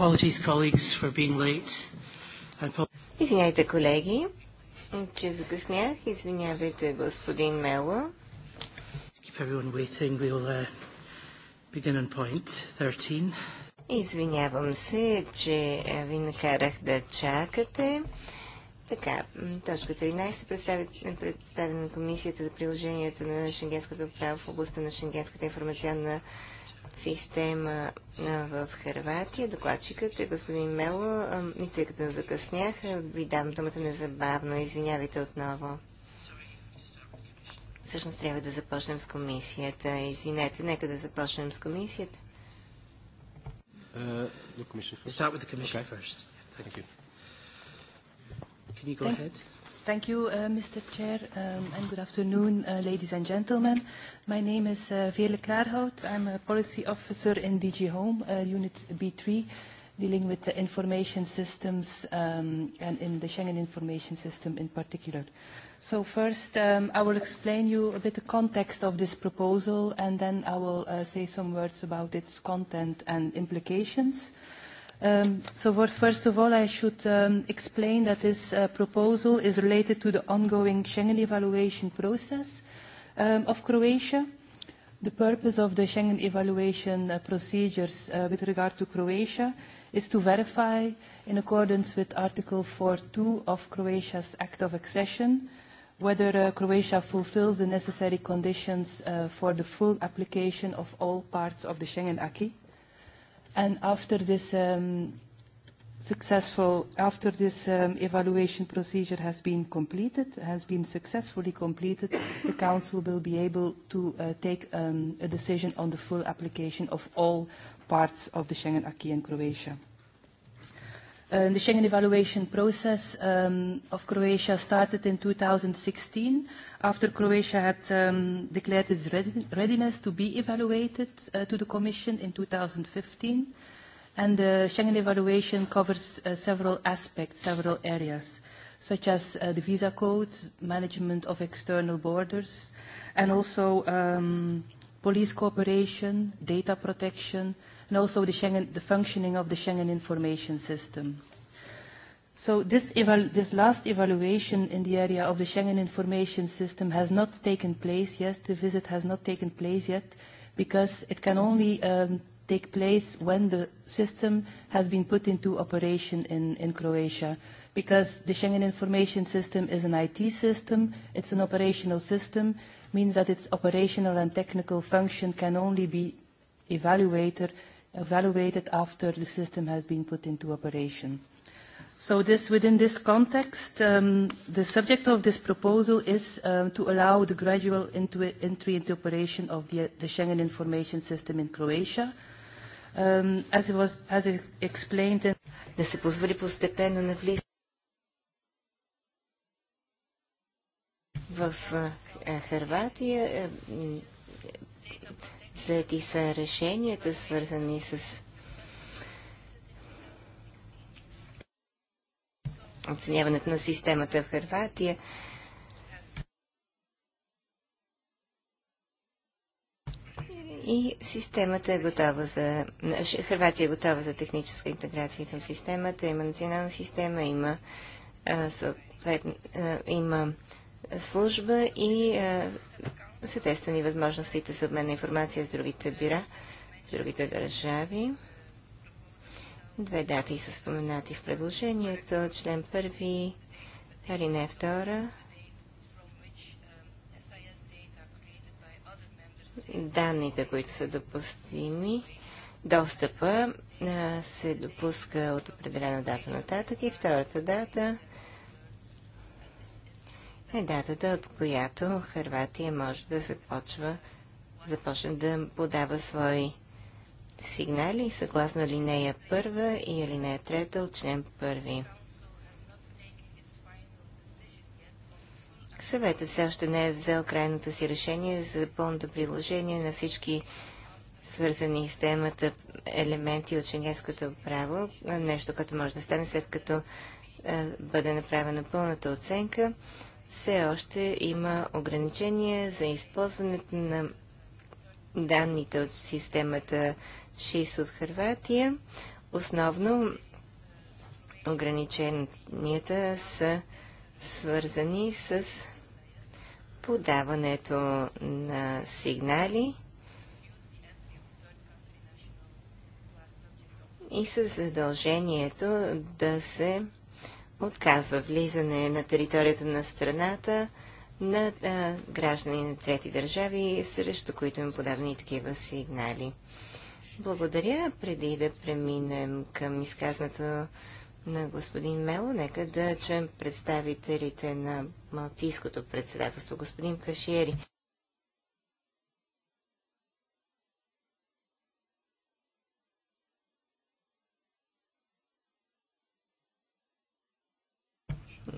Apologies, colleagues, for being late. Извинявайте, колеги, че закъснях. Извинявайте, господин Мело. Keep everyone waiting. We'll uh, begin on point 13. Извинявам се, че е, ви накарах да чакате. Така, точка 13 представена представен на Комисията за приложението на Шенгенското право в областта на Шенгенската информационна система в Харватия. Докладчикът е господин Мело и тъй като закъснях, ви дам думата незабавно. Извинявайте отново. Всъщност трябва да започнем с комисията. Извинете, нека да започнем с комисията. Uh, the commission first. Start with the commission okay. first. Thank you. Can you go Thank ahead? You. Thank you, uh, Mr. Chair, um, and good afternoon, uh, ladies and gentlemen. My name is uh, Veerle Klaarhout. I'm a policy officer in DG Home, uh, Unit B3, dealing with the information systems um, and in the Schengen information system in particular. So first, um, I will explain you a bit the context of this proposal, and then I will uh, say some words about its content and implications. Um, so what, first of all, I should um, explain that this uh, proposal is related to the ongoing Schengen evaluation process um, of Croatia. The purpose of the Schengen evaluation uh, procedures uh, with regard to Croatia is to verify, in accordance with Article 4.2 of Croatia's Act of Accession, whether uh, Croatia fulfills the necessary conditions uh, for the full application of all parts of the Schengen acquis And after this um, successful, after this um, evaluation procedure has been completed, has been successfully completed, the Council will be able to uh, take um, a decision on the full application of all parts of the Schengen Acquis in Croatia. Uh, the Schengen evaluation process um, of Croatia started in 2016 after Croatia had um, declared its readiness to be evaluated uh, to the Commission in 2015. And the Schengen evaluation covers uh, several aspects, several areas, such as uh, the visa code, management of external borders, and also um, police cooperation, data protection, and also the, Schengen, the functioning of the Schengen information system. So this, eval this last evaluation in the area of the Schengen information system has not taken place yet. The visit has not taken place yet because it can only um, take place when the system has been put into operation in, in Croatia. Because the Schengen information system is an IT system, it's an operational system, means that its operational and technical function can only be evaluated evaluated after the system has been put into operation. So this, within this context, um, the subject of this proposal is um, to allow the gradual into, entry into operation of the, the Schengen Information System in Croatia, um, as, it was, as it explained in... Да се позволи постепенно в Харватия взети са решенията, свързани с оценяването на системата в Харватия. И системата е готова за... Хрватия е готова за техническа интеграция към системата. Има национална система, има, а, съответ, а, има служба и а, да се ни възможностите за обмен на информация с другите бюра, с другите държави. Две дати са споменати в предложението. Член 1, арине 2. Данните, които са допустими, достъпа се допуска от определена дата нататък и втората дата е датата, от която Харватия може да започва започне да подава свои сигнали съгласно линея 1 и линея 3 от член 1. Съветът все още не е взел крайното си решение за пълното приложение на всички свързани с темата елементи от шенгенското право, нещо, което може да стане след като бъде направена пълната оценка все още има ограничения за използването на данните от системата ШИС от Харватия. Основно ограниченията са свързани с подаването на сигнали и с задължението да се отказва влизане на територията на страната на а, граждани на трети държави, срещу които им подадени такива сигнали. Благодаря. Преди да преминем към изказването на господин Мело, нека да чуем представителите на Малтийското председателство, господин Кашиери.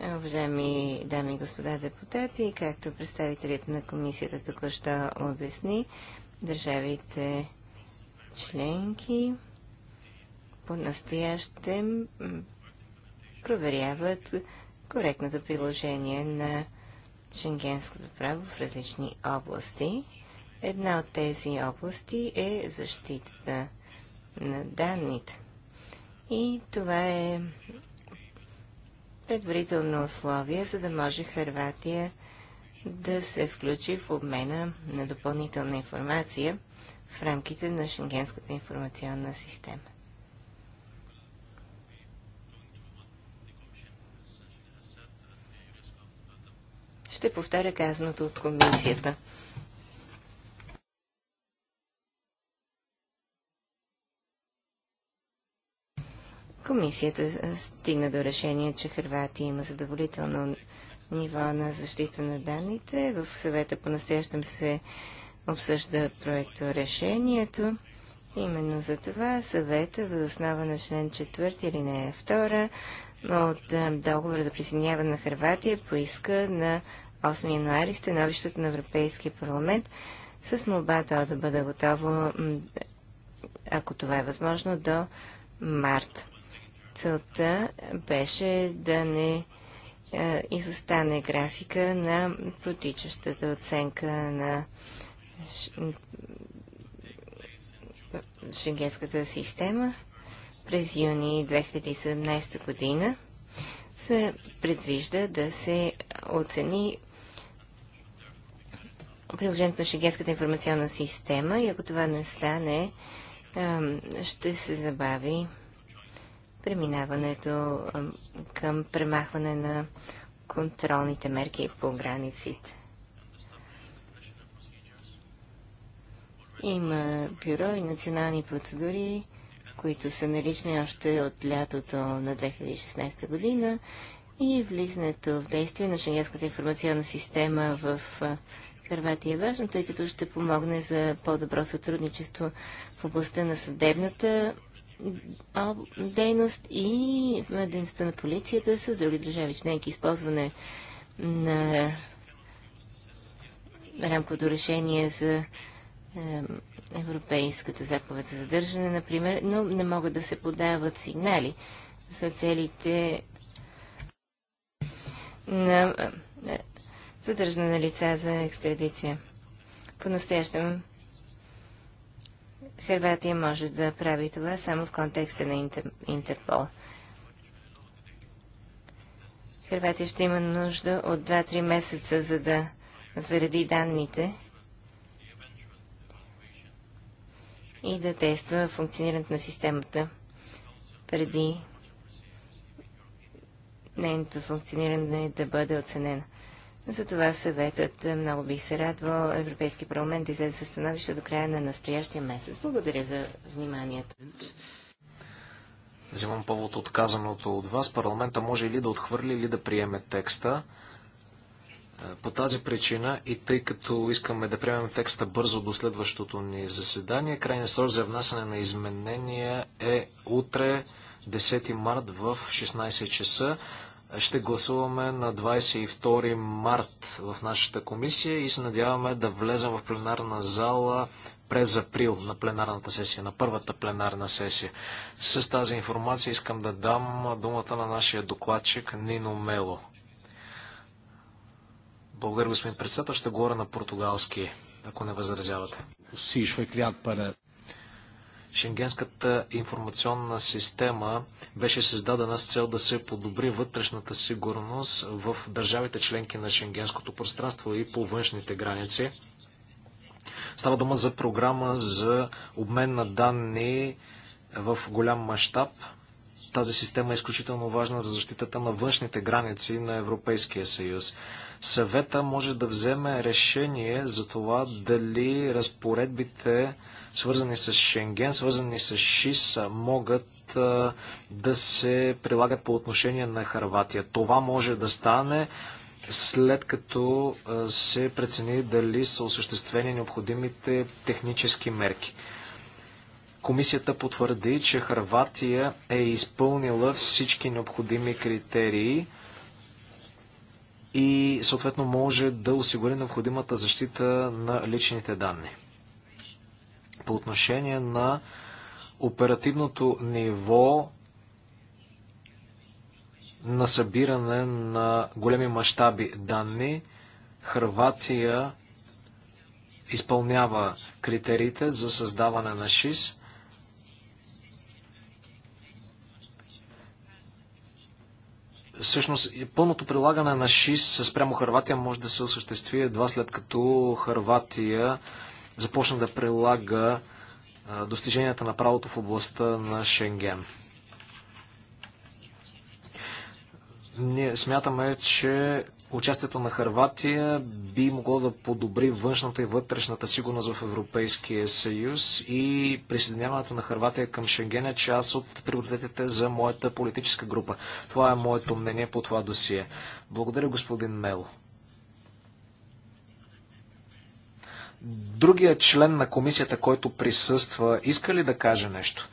Уважаеми дами и господа депутати, както представителят на комисията току-що обясни, държавите членки по настояще проверяват коректното приложение на шенгенското право в различни области. Една от тези области е защитата на данните. И това е предварително условие, за да може Харватия да се включи в обмена на допълнителна информация в рамките на Шенгенската информационна система. Ще повторя казаното от комисията. Комисията стигна до решение, че Хрватия има задоволително ниво на защита на данните. В съвета по-настоящем се обсъжда проекто решението. Именно за това съвета, възоснова на член 4 или не 2 от договора за присъединяване на Хрватия, поиска на 8 януари становището на Европейския парламент с молба да бъде готово, ако това е възможно, до март целта беше да не е, изостане графика на протичащата оценка на шенгенската система през юни 2017 година се предвижда да се оцени приложението на шенгенската информационна система и ако това не стане, ще се забави преминаването към премахване на контролните мерки по границите. Има бюро и национални процедури, които са налични още от лятото на 2016 година и е влизането в действие на Шенгенската информационна система в Харватия е важно, тъй като ще помогне за по-добро сътрудничество в областта на съдебната дейност и дейността на полицията с други държави членки. Използване на рамковото решение за Европейската заповед за задържане, например, но не могат да се подават сигнали за целите на е, е, задържане на лица за екстрадиция. По-настоящем Хрватия може да прави това само в контекста на Интерпол. Хрватия ще има нужда от 2-3 месеца, за да заради данните и да тества функционирането на системата преди нейното функциониране да бъде оценено. Затова съветът е, много би се радвал Европейски парламент излезе със становище до края на настоящия месец. Благодаря за вниманието. Взимам повод от казаното от вас. Парламента може или да отхвърли, или да приеме текста. Е, по тази причина и тъй като искаме да приемем текста бързо до следващото ни заседание, крайният срок за внасяне на изменения е утре 10 март в 16 часа. Ще гласуваме на 22 март в нашата комисия и се надяваме да влезем в пленарна зала през април на пленарната сесия, на първата пленарна сесия. С тази информация искам да дам думата на нашия докладчик Нино Мело. Благодаря, господин председател. Ще говоря на португалски, ако не възразявате. Всичко е клят пара. Шенгенската информационна система беше създадена с цел да се подобри вътрешната сигурност в държавите членки на Шенгенското пространство и по външните граници. Става дума за програма за обмен на данни в голям мащаб – тази система е изключително важна за защитата на външните граници на Европейския съюз. Съвета може да вземе решение за това дали разпоредбите, свързани с Шенген, свързани с ШИС, могат да се прилагат по отношение на Харватия. Това може да стане след като се прецени дали са осъществени необходимите технически мерки. Комисията потвърди, че Харватия е изпълнила всички необходими критерии и съответно може да осигури необходимата защита на личните данни. По отношение на оперативното ниво на събиране на големи мащаби данни, Харватия изпълнява критериите за създаване на ШИС. Всъщност, пълното прилагане на ШИС спрямо Харватия може да се осъществи едва след като Харватия започна да прилага достиженията на правото в областта на Шенген. Ние смятаме, че Участието на Харватия би могло да подобри външната и вътрешната сигурност в Европейския съюз и присъединяването на Харватия към Шенген е част от приоритетите за моята политическа група. Това е моето мнение по това досие. Благодаря, господин Мело. Другия член на комисията, който присъства, иска ли да каже нещо?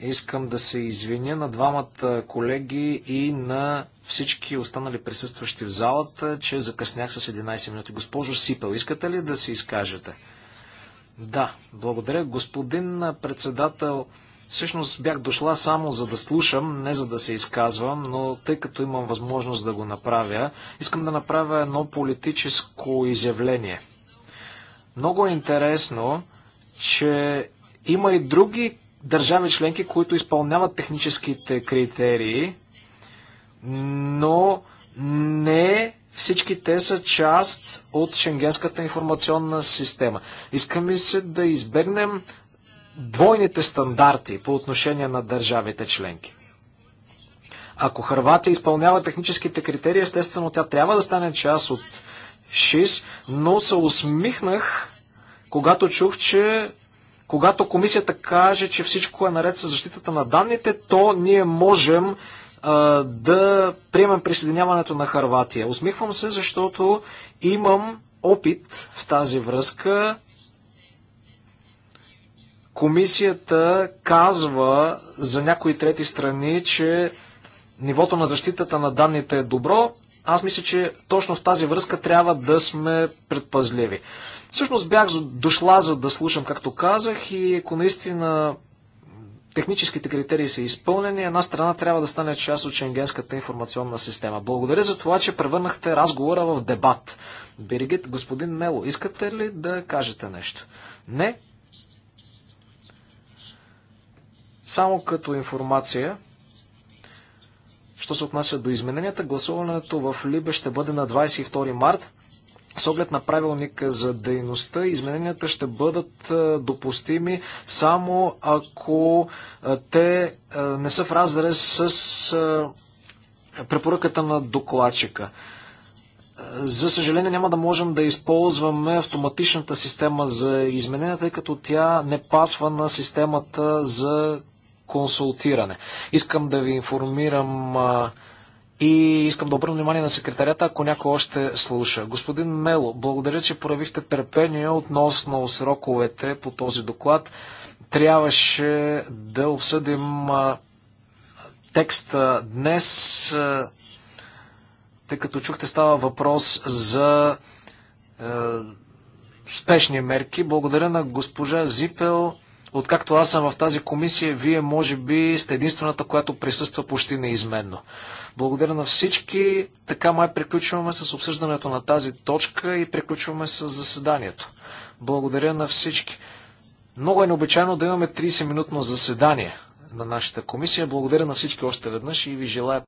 Искам да се извиня на двамата колеги и на всички останали присъстващи в залата, че закъснях с 11 минути. Госпожо Сипел, искате ли да се изкажете? Да, благодаря. Господин председател, всъщност бях дошла само за да слушам, не за да се изказвам, но тъй като имам възможност да го направя, искам да направя едно политическо изявление. Много е интересно, че има и други държави членки, които изпълняват техническите критерии, но не всички те са част от Шенгенската информационна система. Искаме се да избегнем двойните стандарти по отношение на държавите членки. Ако Харватия изпълнява техническите критерии, естествено тя трябва да стане част от ШИС, но се усмихнах, когато чух, че когато комисията каже, че всичко е наред с защитата на данните, то ние можем да приемем присъединяването на Харватия. Усмихвам се, защото имам опит в тази връзка. Комисията казва за някои трети страни, че нивото на защитата на данните е добро. Аз мисля, че точно в тази връзка трябва да сме предпазливи. Всъщност бях дошла за да слушам, както казах, и ако наистина техническите критерии са изпълнени, една страна трябва да стане част от Шенгенската информационна система. Благодаря за това, че превърнахте разговора в дебат. Биригит, господин Мело, искате ли да кажете нещо? Не? Само като информация, що се отнася до измененията, гласуването в Либе ще бъде на 22 март. С оглед на правилника за дейността, измененията ще бъдат допустими само ако те не са в разрез с препоръката на докладчика. За съжаление няма да можем да използваме автоматичната система за изменения, тъй като тя не пасва на системата за консултиране. Искам да ви информирам и искам да обърна внимание на секретарята, ако някой още слуша. Господин Мело, благодаря, че проявихте търпение относно сроковете по този доклад. Трябваше да обсъдим текста днес, тъй като чухте става въпрос за спешни мерки. Благодаря на госпожа Зипел Откакто аз съм в тази комисия, вие може би сте единствената, която присъства почти неизменно. Благодаря на всички. Така май приключваме с обсъждането на тази точка и приключваме с заседанието. Благодаря на всички. Много е необичайно да имаме 30-минутно заседание на нашата комисия. Благодаря на всички още веднъж и ви желая